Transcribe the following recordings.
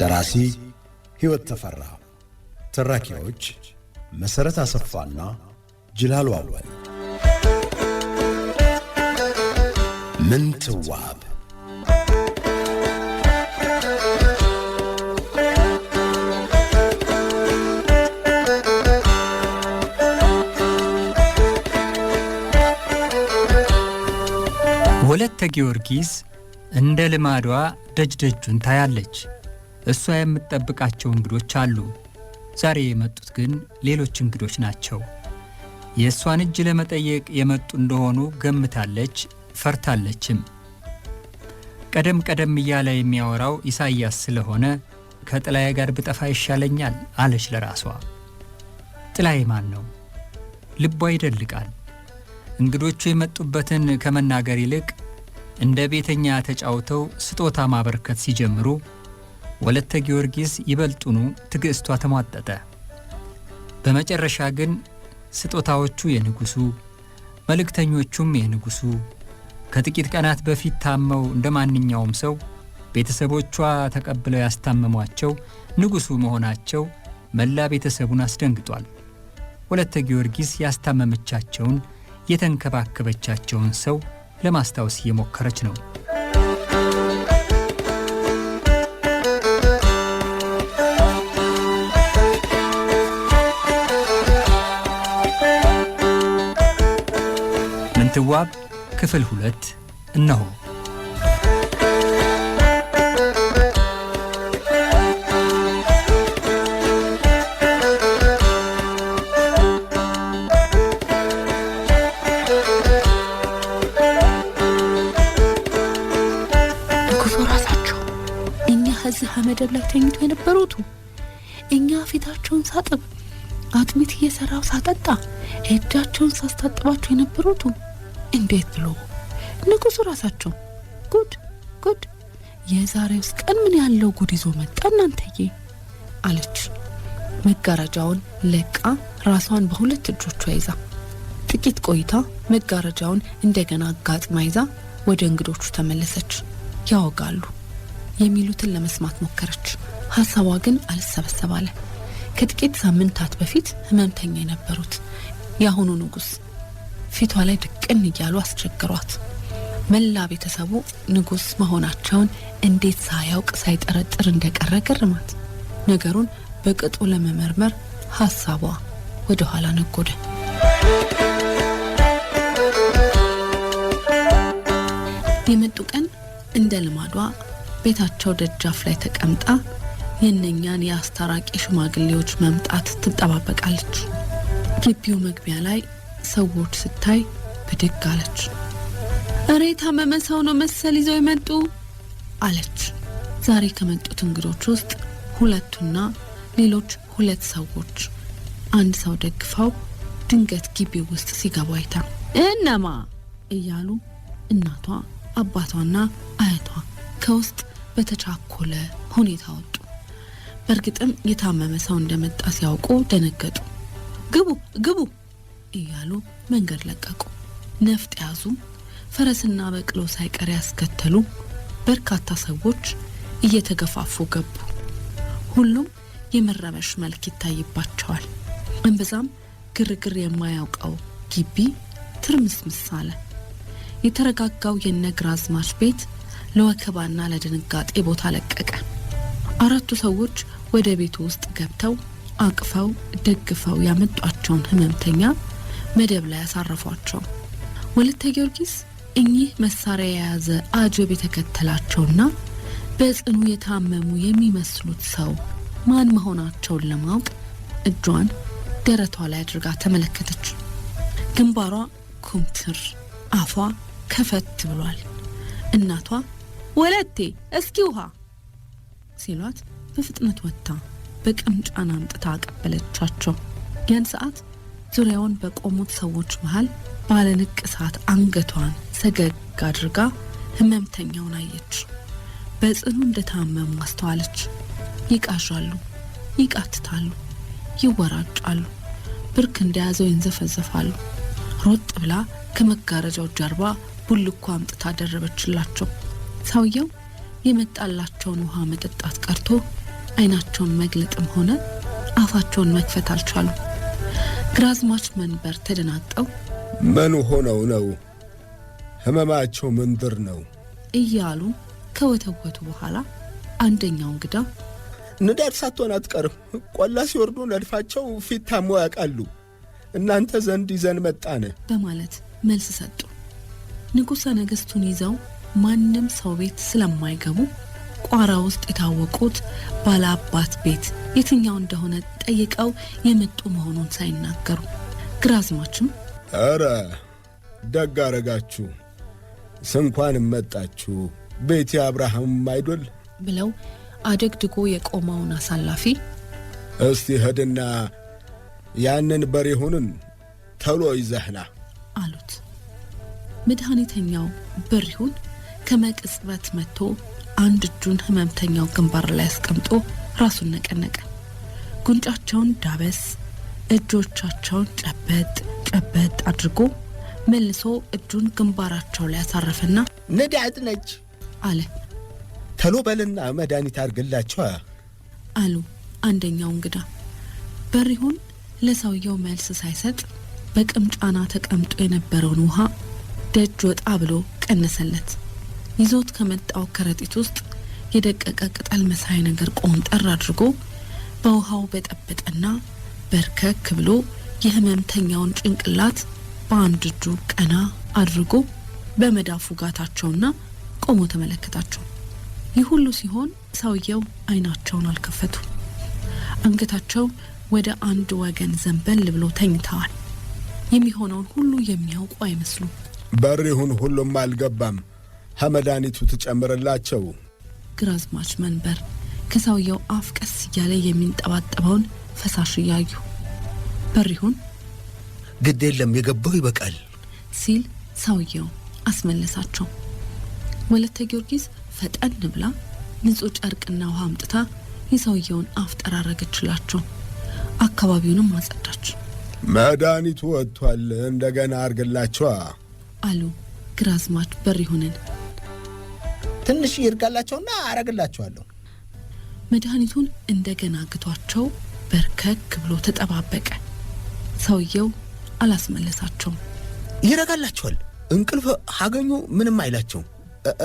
ደራሲ ሕይወት ተፈራ፣ ተራኪዎች መሠረት አሰፋና ጅላሉ አወል። ምንትዋብ ወለተ ጊዮርጊስ እንደ ልማዷ ደጅደጁን ታያለች። እሷ የምትጠብቃቸው እንግዶች አሉ። ዛሬ የመጡት ግን ሌሎች እንግዶች ናቸው። የእሷን እጅ ለመጠየቅ የመጡ እንደሆኑ ገምታለች፣ ፈርታለችም። ቀደም ቀደም እያለ የሚያወራው ኢሳይያስ ስለሆነ ከጥላዬ ጋር ብጠፋ ይሻለኛል አለች ለራሷ። ጥላዬ ማን ነው? ልቧ ይደልቃል። እንግዶቹ የመጡበትን ከመናገር ይልቅ እንደ ቤተኛ ተጫውተው ስጦታ ማበርከት ሲጀምሩ ወለተ ጊዮርጊስ ይበልጡኑ ትግስቷ ተሟጠጠ። በመጨረሻ ግን ስጦታዎቹ የንጉሱ መልእክተኞቹም የንጉሱ ከጥቂት ቀናት በፊት ታመው እንደ ማንኛውም ሰው ቤተሰቦቿ ተቀብለው ያስታመሟቸው ንጉሱ መሆናቸው መላ ቤተሰቡን አስደንግጧል። ወለተ ጊዮርጊስ ያስታመመቻቸውን የተንከባከበቻቸውን ሰው ለማስታወስ እየሞከረች ነው። ምትዋብ ክፍል ሁለት እነሆ። ከዚህ አመደብ ላይ ተኝቶ የነበሩቱ እኛ ፊታቸውን ሳጥብ አጥሚት እየሰራው ሳጠጣ እጃቸውን ሳስታጥባቸው የነበሩቱ እንዴት ብሎ ንጉሱ ራሳቸው ጉድ ጉድ፣ የዛሬውስ ቀን ምን ያለው ጉድ ይዞ መጣ እናንተዬ አለች። መጋረጃውን ለቃ ራሷን በሁለት እጆቿ ይዛ ጥቂት ቆይታ መጋረጃውን እንደገና አጋጥማ ይዛ ወደ እንግዶቹ ተመለሰች። ያወጋሉ የሚሉትን ለመስማት ሞከረች። ሀሳቧ ግን አልሰበሰባለ። ከጥቂት ሳምንታት በፊት ህመምተኛ የነበሩት የአሁኑ ንጉሥ ፊቷ ላይ ድቅን እያሉ አስቸግሯት መላ ቤተሰቡ ንጉሥ መሆናቸውን እንዴት ሳያውቅ ሳይጠረጥር እንደቀረ ገርማት ነገሩን በቅጡ ለመመርመር ሀሳቧ ወደ ኋላ ነጎደ። የመጡ ቀን እንደ ልማዷ ቤታቸው ደጃፍ ላይ ተቀምጣ የእነኛን የአስታራቂ ሽማግሌዎች መምጣት ትጠባበቃለች። ግቢው መግቢያ ላይ ሰዎች ስታይ ብድግ አለች። እሬ ታመመ ሰው ነው መሰል ይዘው የመጡ አለች። ዛሬ ከመጡት እንግዶች ውስጥ ሁለቱና ሌሎች ሁለት ሰዎች አንድ ሰው ደግፈው ድንገት ግቢው ውስጥ ሲገቡ አይታ እነማ እያሉ እናቷ አባቷና አያቷ ከውስጥ በተቻኮለ ሁኔታ ወጡ። በእርግጥም የታመመ ሰው እንደመጣ ሲያውቁ ደነገጡ። ግቡ ግቡ እያሉ መንገድ ለቀቁ። ነፍጥ ያዙ፣ ፈረስና በቅሎ ሳይቀር ያስከተሉ በርካታ ሰዎች እየተገፋፉ ገቡ። ሁሉም የመረበሽ መልክ ይታይባቸዋል። እምብዛም ግርግር የማያውቀው ግቢ ትርምስምስ አለ። የተረጋጋው አዝማሽ ቤት ለወከባና ለድንጋጤ ቦታ ለቀቀ። አራቱ ሰዎች ወደ ቤቱ ውስጥ ገብተው አቅፈው ደግፈው ያመጧቸውን ህመምተኛ መደብ ላይ ያሳረፏቸው። ወለተ ጊዮርጊስ እኚህ መሳሪያ የያዘ አጀብ የተከተላቸውና በጽኑ የታመሙ የሚመስሉት ሰው ማን መሆናቸውን ለማወቅ እጇን ደረቷ ላይ አድርጋ ተመለከተች። ግንባሯ ኩምትር፣ አፏ ከፈት ብሏል። እናቷ ወለቴ እስኪ ውሃ ሲሏት በፍጥነት ወጥታ በቅምጫን አምጥታ አቀበለቻቸው። ያን ሰዓት ዙሪያውን በቆሙት ሰዎች መሃል ባለንቅ ንቅሳት አንገቷን ሰገግ አድርጋ ህመምተኛውን አየች። በጽኑ እንደታመሙ አስተዋለች። ይቃዣሉ፣ ይቃትታሉ፣ ይወራጫሉ፣ ብርክ እንደያዘው ይንዘፈዘፋሉ። ሮጥ ብላ ከመጋረጃው ጀርባ ቡልኮ አምጥታ ደረበችላቸው። ሰውየው የመጣላቸውን ውሃ መጠጣት ቀርቶ አይናቸውን መግለጥም ሆነ አፋቸውን መክፈት አልቻሉም። ግራዝማች መንበር ተደናጠው ምን ሆነው ነው ህመማቸው ምንድር ነው እያሉ ከወተወቱ በኋላ አንደኛው እንግዳ ንዳድ ሳትሆን አትቀርም፣ ቆላ ሲወርዱ ነድፋቸው ፊት ታሞ ያውቃሉ፣ እናንተ ዘንድ ይዘን መጣነ በማለት መልስ ሰጡ። ንጉሠ ነገሥቱን ይዘው ማንም ሰው ቤት ስለማይገቡ ቋራ ውስጥ የታወቁት ባለአባት ቤት የትኛው እንደሆነ ጠይቀው የመጡ መሆኑን ሳይናገሩ ግራዝማችም ኧረ ደግ አረጋችሁ ስንኳን መጣችሁ ቤት አብርሃም አይዶል ብለው አደግድጎ የቆመውን አሳላፊ እስቲ ሂድና ያንን በሬሁንን ተሎ ይዘህና አሉት። መድኃኒተኛው በሪሁን ከመቅጽበት መጥቶ አንድ እጁን ህመምተኛው ግንባር ላይ አስቀምጦ ራሱን ነቀነቀ። ጉንጫቸውን ዳበስ፣ እጆቻቸውን ጨበጥ ጨበጥ አድርጎ መልሶ እጁን ግንባራቸው ላይ አሳረፈና ንዳድ ነች አለ። ተሎ በልና መድኃኒት አድርግላቸው አሉ አንደኛው እንግዳ። በሪሁን ለሰውየው መልስ ሳይሰጥ በቅምጫና ተቀምጦ የነበረውን ውሃ ደጅ ወጣ ብሎ ቀነሰለት። ይዞት ከመጣው ከረጢት ውስጥ የደቀቀ ቅጠል መሳይ ነገር ቆንጠር አድርጎ በውሃው በጠበጠና በርከክ ብሎ የህመምተኛውን ጭንቅላት በአንድ እጁ ቀና አድርጎ በመዳፉ ጋታቸውና ቆሞ ተመለከታቸው። ይህ ሁሉ ሲሆን ሰውየው አይናቸውን አልከፈቱ። አንገታቸው ወደ አንድ ወገን ዘንበል ብሎ ተኝተዋል። የሚሆነውን ሁሉ የሚያውቁ አይመስሉም። ይሁን ሁሉም አልገባም። ከመድኃኒቱ ትጨምርላቸው። ግራዝማች መንበር ከሰውየው አፍ ቀስ እያለ የሚንጠባጠበውን ፈሳሽ እያዩ በር ይሁን ግድ የለም የገባው ይበቃል ሲል ሰውየው አስመለሳቸው። ወለተ ጊዮርጊስ ፈጠን ብላ ንጹሕ ጨርቅና ውሃ አምጥታ የሰውየውን አፍ ጠራረገችላቸው። አካባቢውንም አጸዳች። መድኃኒቱ ወጥቷል፣ እንደገና አርግላቸዋ አሉ ግራዝማች በር ይሁንን ትንሽ ይርጋላቸውና አረግላቸዋለሁ። መድኃኒቱን እንደገና ግቷቸው በርከክ ብሎ ተጠባበቀ። ሰውየው አላስመለሳቸውም። ይረጋላቸዋል። እንቅልፍ አገኙ፣ ምንም አይላቸው።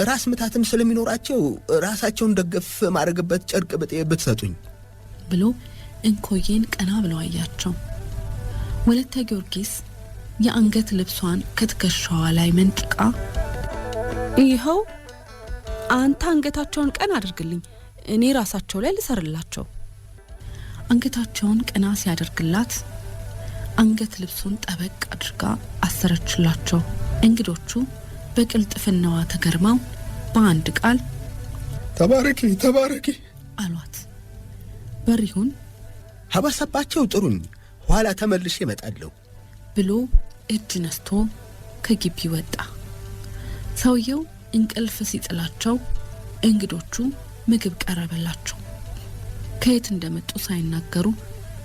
ራስ ምታትም ስለሚኖራቸው ራሳቸውን ደገፍ ማድረግበት ጨርቅ ብጤ ብትሰጡኝ ብሎ እንኮዬን ቀና ብለው አያቸው። ወለተ ጊዮርጊስ የአንገት ልብሷን ከትከሻዋ ላይ መንጥቃ ይኸው አንተ አንገታቸውን ቀና አድርግልኝ፣ እኔ ራሳቸው ላይ ልሰርላቸው። አንገታቸውን ቀና ሲያደርግላት አንገት ልብሱን ጠበቅ አድርጋ አሰረችላቸው። እንግዶቹ በቅልጥፍናዋ ተገርመው በአንድ ቃል ተባረኪ ተባረኪ አሏት። በሪሁን ሀባሰባቸው ጥሩኝ፣ ኋላ ተመልሼ እመጣለሁ ብሎ እጅ ነስቶ ከግቢ ወጣ። ሰውየው እንቅልፍ ሲጥላቸው እንግዶቹ ምግብ ቀረበላቸው። ከየት እንደመጡ ሳይናገሩ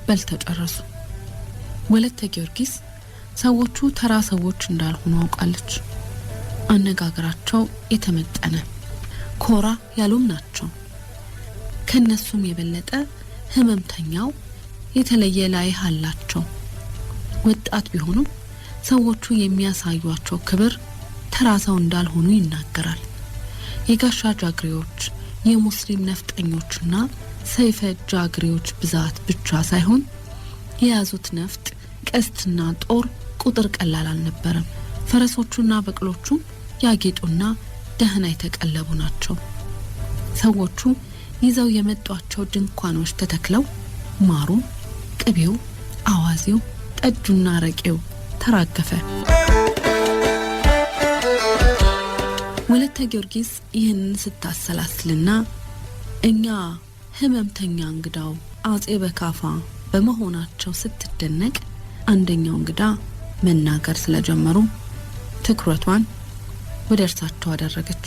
በልተው ጨረሱ። ወለተ ጊዮርጊስ ሰዎቹ ተራ ሰዎች እንዳልሆኑ አውቃለች። አነጋገራቸው የተመጠነ ኮራ ያሉም ናቸው። ከእነሱም የበለጠ ህመምተኛው የተለየ ላይ አላቸው። ወጣት ቢሆኑም ሰዎቹ የሚያሳዩቸው ክብር ተራ ሰው እንዳልሆኑ ይናገራል። የጋሻ ጃግሬዎች፣ የሙስሊም ነፍጠኞችና ሰይፈ ጃግሬዎች ብዛት ብቻ ሳይሆን የያዙት ነፍጥ፣ ቀስትና ጦር ቁጥር ቀላል አልነበረም። ፈረሶቹና በቅሎቹም ያጌጡና ደህና የተቀለቡ ናቸው። ሰዎቹ ይዘው የመጧቸው ድንኳኖች ተተክለው ማሩ፣ ቅቤው፣ አዋዜው፣ ጠጁና ረቄው ተራገፈ። ወለተ ጊዮርጊስ ይህንን ስታሰላስልና እኛ ህመምተኛ እንግዳው አጼ በካፋ በመሆናቸው ስትደነቅ አንደኛው እንግዳ መናገር ስለጀመሩ ትኩረቷን ወደ እርሳቸው አደረገች።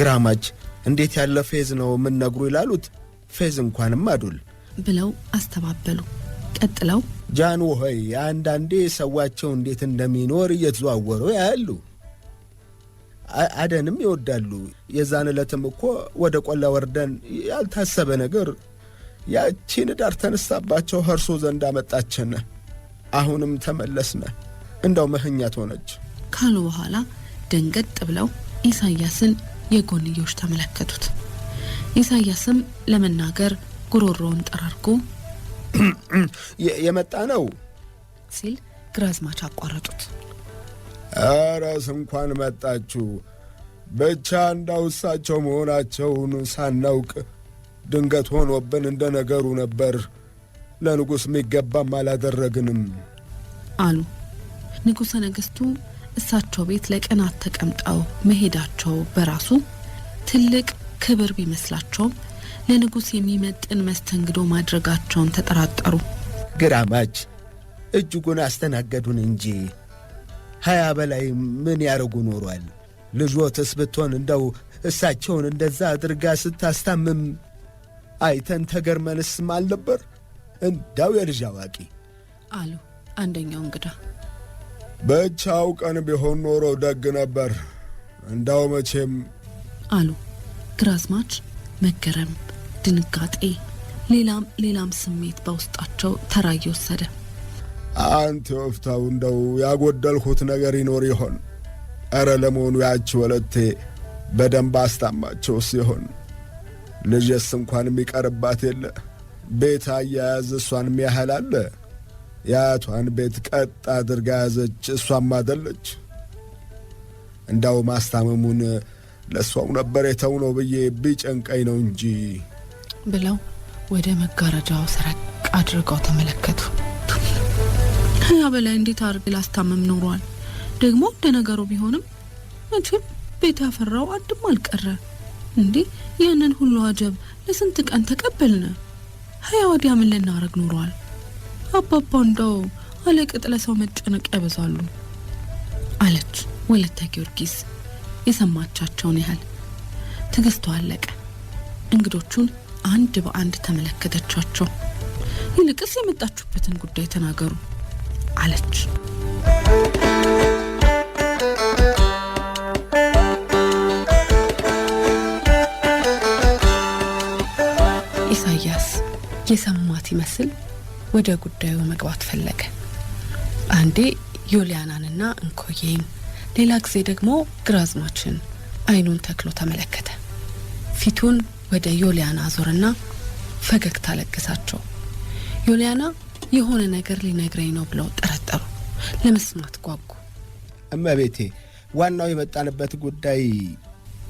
ግራማች እንዴት ያለ ፌዝ ነው የምነግሩ ይላሉት። ፌዝ እንኳንም አዱል ብለው አስተባበሉ። ቀጥለው ጃን ሆይ አንዳንዴ ሰዋቸው እንዴት እንደሚኖር እየተዘዋወሩ ያያሉ። አደንም ይወዳሉ። የዛን ዕለትም እኮ ወደ ቆላ ወርደን ያልታሰበ ነገር ያቺን ዳር ተነሳባቸው እርሶ ዘንድ አመጣችን። አሁንም ተመለስነ፣ እንደው መህኛት ሆነች ካሉ በኋላ ደንገጥ ብለው ኢሳያስን የጎንዮሽ ተመለከቱት። ኢሳያስም ለመናገር ጉሮሮውን ጠራርጎ የመጣ ነው ሲል ግራዝማች አቋረጡት። እረስ እንኳን መጣችሁ። ብቻ እንዳውሳቸው መሆናቸውን ሳናውቅ ድንገት ሆኖብን እንደ ነገሩ ነበር። ለንጉሥ የሚገባም አላደረግንም አሉ። ንጉሠ ነገሥቱ እሳቸው ቤት ለቀናት ተቀምጠው መሄዳቸው በራሱ ትልቅ ክብር ቢመስላቸውም ለንጉሥ የሚመጥን መስተንግዶ ማድረጋቸውን ተጠራጠሩ። ግራማች እጅጉን አስተናገዱን እንጂ ሀያ በላይ ምን ያደርጉ ኖሯል። ልጆትስ ብትሆን እንደው እሳቸውን እንደዛ አድርጋ ስታስታምም አይተን ተገርመንስም አልነበር። እንዳው የልጅ አዋቂ አሉ አንደኛው እንግዳ። ብቻው ቀን ቢሆን ኖሮ ደግ ነበር። እንዳው መቼም አሉ ግራዝማች። መገረም፣ ድንጋጤ፣ ሌላም ሌላም ስሜት በውስጣቸው ተራ እየወሰደ አንተ ወፍታው እንደው ያጎደልሁት ነገር ይኖር ይሆን? ኧረ ለመሆኑ ያች ወለቴ በደንብ አስታማቸው ሲሆን ልጅስ እንኳን የሚቀርባት የለ ቤት አያያዝ እሷን የሚያህል አለ። የአያቷን ቤት ቀጥ አድርጋ ያዘች፣ እሷም አደለች። እንዳው ማስታመሙን ለእሷው ነበር የተው ነው ብዬ ቢጨንቀኝ ነው እንጂ ብለው ወደ መጋረጃው ሰረቅ አድርገው ተመለከቱ። ከዚያ በላይ እንዴት አርግ ላስታመም ኖሯል። ደግሞ እንደ ነገሩ ቢሆንም መቼም ቤት ያፈራው አንድም አልቀረ እንዴ! ያንን ሁሉ አጀብ ለስንት ቀን ተቀበልነ። ሀያ ወዲያ ምን ልናረግ ኖሯል። አባባ እንደው አለቅጥ ለሰው መጨነቅ ያበዛሉ አለች ወለተ ጊዮርጊስ የሰማቻቸውን ያህል ትዕግስቷ አለቀ። እንግዶቹን አንድ በአንድ ተመለከተቻቸው። ይልቅስ የመጣችሁበትን ጉዳይ ተናገሩ አለች። ኢሳያስ የሰማት ይመስል ወደ ጉዳዩ መግባት ፈለገ። አንዴ ዮልያናንና እንኮዬን፣ ሌላ ጊዜ ደግሞ ግራዝማችን አይኑን ተክሎ ተመለከተ። ፊቱን ወደ ዮልያና ዞርና ፈገግታ ለገሳቸው። ዮልያና የሆነ ነገር ሊነግረኝ ነው ብለው ጠረጠሩ። ለመስማት ጓጉ። እመቤቴ፣ ዋናው የመጣንበት ጉዳይ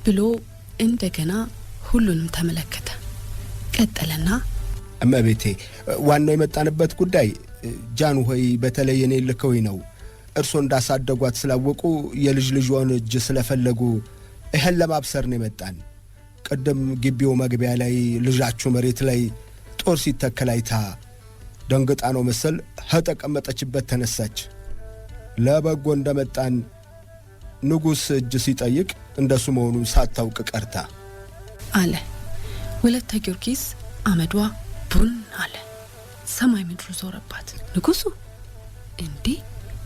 ብሎ እንደገና ሁሉንም ተመለከተ። ቀጠለና እመቤቴ፣ ዋናው የመጣንበት ጉዳይ ጃንሆይ በተለይ እኔ ልከውኝ ነው እርሶ እንዳሳደጓት ስላወቁ የልጅ ልጇን እጅ ስለፈለጉ ይህን ለማብሰር ነው የመጣን። ቅድም ግቢው መግቢያ ላይ ልጃችሁ መሬት ላይ ጦር ሲተከል አይታ ደንግጣ ነው መሰል ኸተቀመጠችበት ተነሳች። ለበጎ እንደመጣን ንጉሥ እጅ ሲጠይቅ እንደሱ መሆኑን ሳታውቅ ቀርታ አለ። ወለተ ጊዮርጊስ አመዷ ቡን አለ። ሰማይ ምድሩ ዞረባት። ንጉሡ እንዴ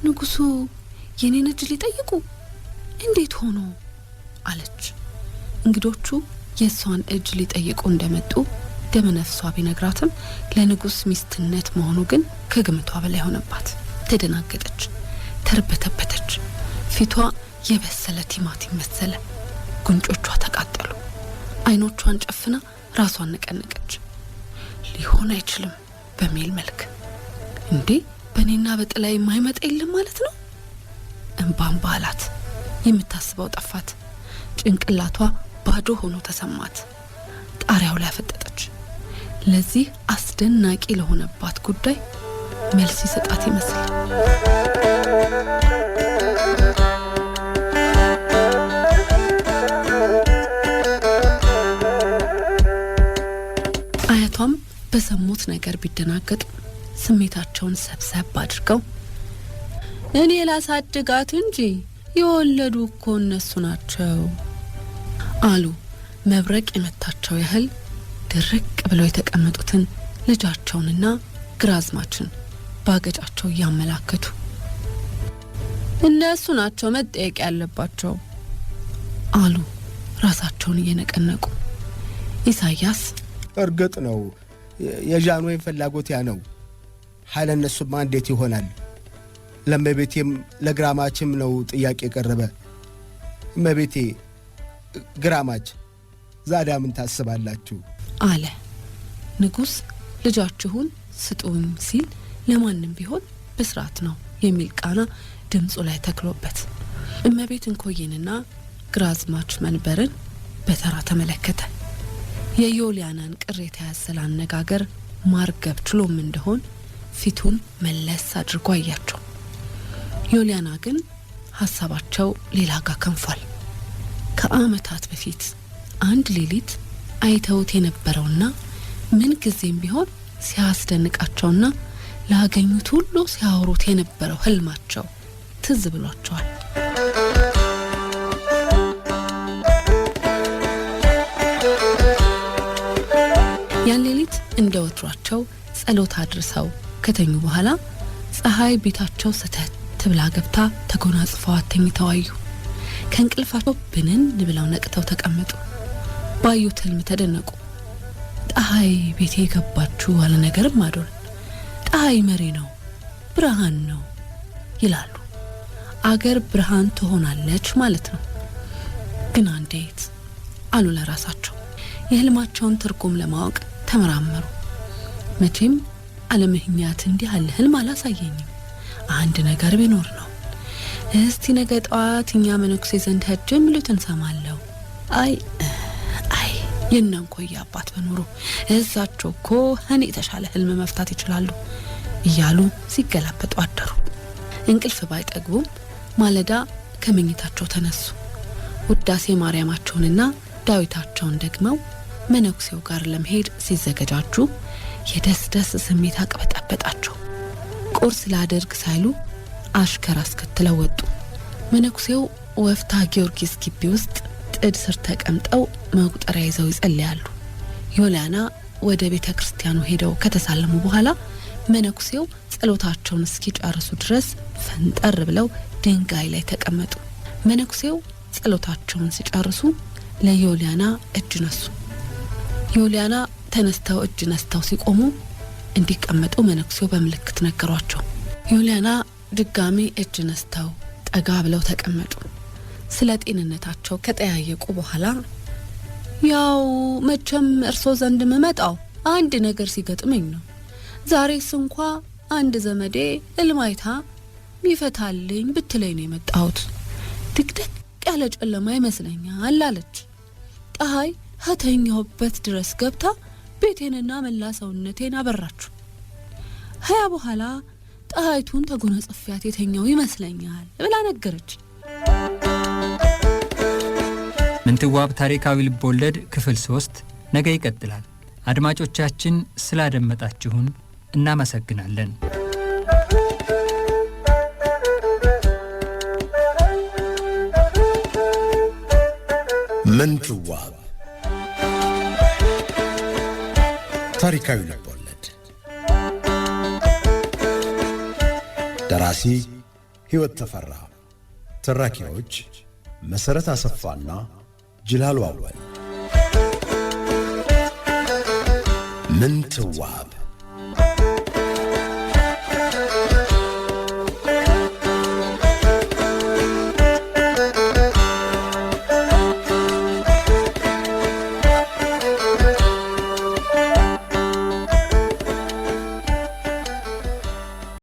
ንጉሡ የኔን እጅ ሊጠይቁ እንዴት ሆኖ አለች። እንግዶቹ የእሷን እጅ ሊጠይቁ እንደመጡ ደመነፍሷ ቢነግራትም ለንጉስ ሚስትነት መሆኑ ግን ከግምቷ በላይ ሆነባት። ተደናገጠች፣ ተርበተበተች። ፊቷ የበሰለ ቲማቲም መሰለ። ጉንጮቿ ተቃጠሉ። አይኖቿን ጨፍና ራሷን ነቀነቀች። ሊሆን አይችልም በሚል መልክ እንዴ በእኔና በጥላ የማይመጣ የለም ማለት ነው። እንባንባ ባላት የምታስበው ጠፋት። ጭንቅላቷ ባዶ ሆኖ ተሰማት። ጣሪያው ላይ አፈጠጠ። ለዚህ አስደናቂ ለሆነባት ጉዳይ መልስ ይሰጣት ይመስላል። አያቷም በሰሙት ነገር ቢደናገጡ ስሜታቸውን ሰብሰብ አድርገው እኔ ላሳድጋት እንጂ የወለዱ እኮ እነሱ ናቸው አሉ። መብረቅ የመታቸው ያህል ድርቅ ብለው የተቀመጡትን ልጃቸውንና ግራዝማችን ባገጫቸው እያመላከቱ እነሱ ናቸው መጠየቅ ያለባቸው አሉ ራሳቸውን እየነቀነቁ። ኢሳያስ እርግጥ ነው የዣን ወይም ፍላጎት ያ ነው። ኃይለ እነሱማ እንዴት ይሆናል? ለመቤቴም ለግራማችም ነው ጥያቄ ቀረበ። መቤቴ፣ ግራማች ዛዳምን ምን ታስባላችሁ? አለ። ንጉስ ልጃችሁን ስጡን ሲል ለማንም ቢሆን በስርዓት ነው የሚል ቃና ድምፁ ላይ ተክሎበት እመቤት እንኮይንና ግራዝማች መንበርን በተራ ተመለከተ። የዮልያናን ቅሬታ ያዘለ አነጋገር ማርገብ ችሎም እንደሆን ፊቱን መለስ አድርጎ አያቸው። ዮልያና ግን ሀሳባቸው ሌላ ጋር ከንፏል። ከአመታት በፊት አንድ ሌሊት አይተውት የነበረውና ምን ጊዜም ቢሆን ሲያስደንቃቸውና ላገኙት ሁሉ ሲያወሩት የነበረው ህልማቸው ትዝ ብሏቸዋል። ያን ሌሊት እንደ ወትሯቸው ጸሎት አድርሰው ከተኙ በኋላ ፀሐይ ቤታቸው ስተት ትብላ ገብታ ተጎናጽፈዋት ተኝተዋዩ። ከእንቅልፋቸው ብንን ብለው ነቅተው ተቀመጡ። ባዩት ህልም ተደነቁ። ፀሐይ ቤቴ የገባችሁ አለ ነገርም አዶን ፀሐይ መሪ ነው፣ ብርሃን ነው ይላሉ። አገር ብርሃን ትሆናለች ማለት ነው። ግን እንዴት አሉ ለራሳቸው። የህልማቸውን ትርጉም ለማወቅ ተመራመሩ። መቼም አለምህኛት እንዲህ አለ ህልም አላሳየኝም። አንድ ነገር ቢኖር ነው እስቲ ነገ ጠዋት እኛ መነኩሴ ዘንድ ሄጄ የሚሉት እንሰማለሁ። አይ አይ የእነንኮዬ አባት በኖሩ እዛቸው እኮ እኔ የተሻለ ህልም መፍታት ይችላሉ እያሉ ሲገላበጡ አደሩ። እንቅልፍ ባይጠግቡም ማለዳ ከመኝታቸው ተነሱ። ውዳሴ ማርያማቸውንና ዳዊታቸውን ደግመው መነኩሴው ጋር ለመሄድ ሲዘገጃጁ የደስ ደስ ስሜት አቅበጠበጣቸው። ቁርስ ላደርግ ሳይሉ አሽከር አስከትለው ወጡ። መነኩሴው ወፍታ ጊዮርጊስ ግቢ ውስጥ ጥድ ስር ተቀምጠው መቁጠሪያ ይዘው ይጸልያሉ። ዮልያና ወደ ቤተ ክርስቲያኑ ሄደው ከተሳለሙ በኋላ መነኩሴው ጸሎታቸውን እስኪጨርሱ ድረስ ፈንጠር ብለው ድንጋይ ላይ ተቀመጡ። መነኩሴው ጸሎታቸውን ሲጨርሱ ለዮልያና እጅ ነሱ። ዮልያና ተነስተው እጅ ነስተው ሲቆሙ እንዲቀመጡ መነኩሴው በምልክት ነገሯቸው። ዮልያና ድጋሚ እጅ ነስተው ጠጋ ብለው ተቀመጡ። ስለ ጤንነታቸው ከጠያየቁ በኋላ ያው መቼም እርሶ ዘንድ ምመጣው አንድ ነገር ሲገጥመኝ ነው። ዛሬስ እንኳ አንድ ዘመዴ እልማይታ ሚፈታልኝ ብትለኝ ነው የመጣሁት። ድቅድቅ ያለ ጨለማ ይመስለኛል አለች። ፀሐይ ከተኛሁበት ድረስ ገብታ ቤቴንና መላ ሰውነቴን አበራችሁ። ከያ በኋላ ፀሐይቱን ተጎነጽፊያት የተኛው ይመስለኛል ብላ ነገረች። ምንትዋብ ታሪካዊ ልቦወለድ ክፍል ሶስት ነገ ይቀጥላል። አድማጮቻችን ስላደመጣችሁን እናመሰግናለን። ምንትዋብ ታሪካዊ ልቦወለድ ደራሲ ሕይወት ተፈራ፣ ተራኪዎች መሠረት አሰፋና جلال واول من تواب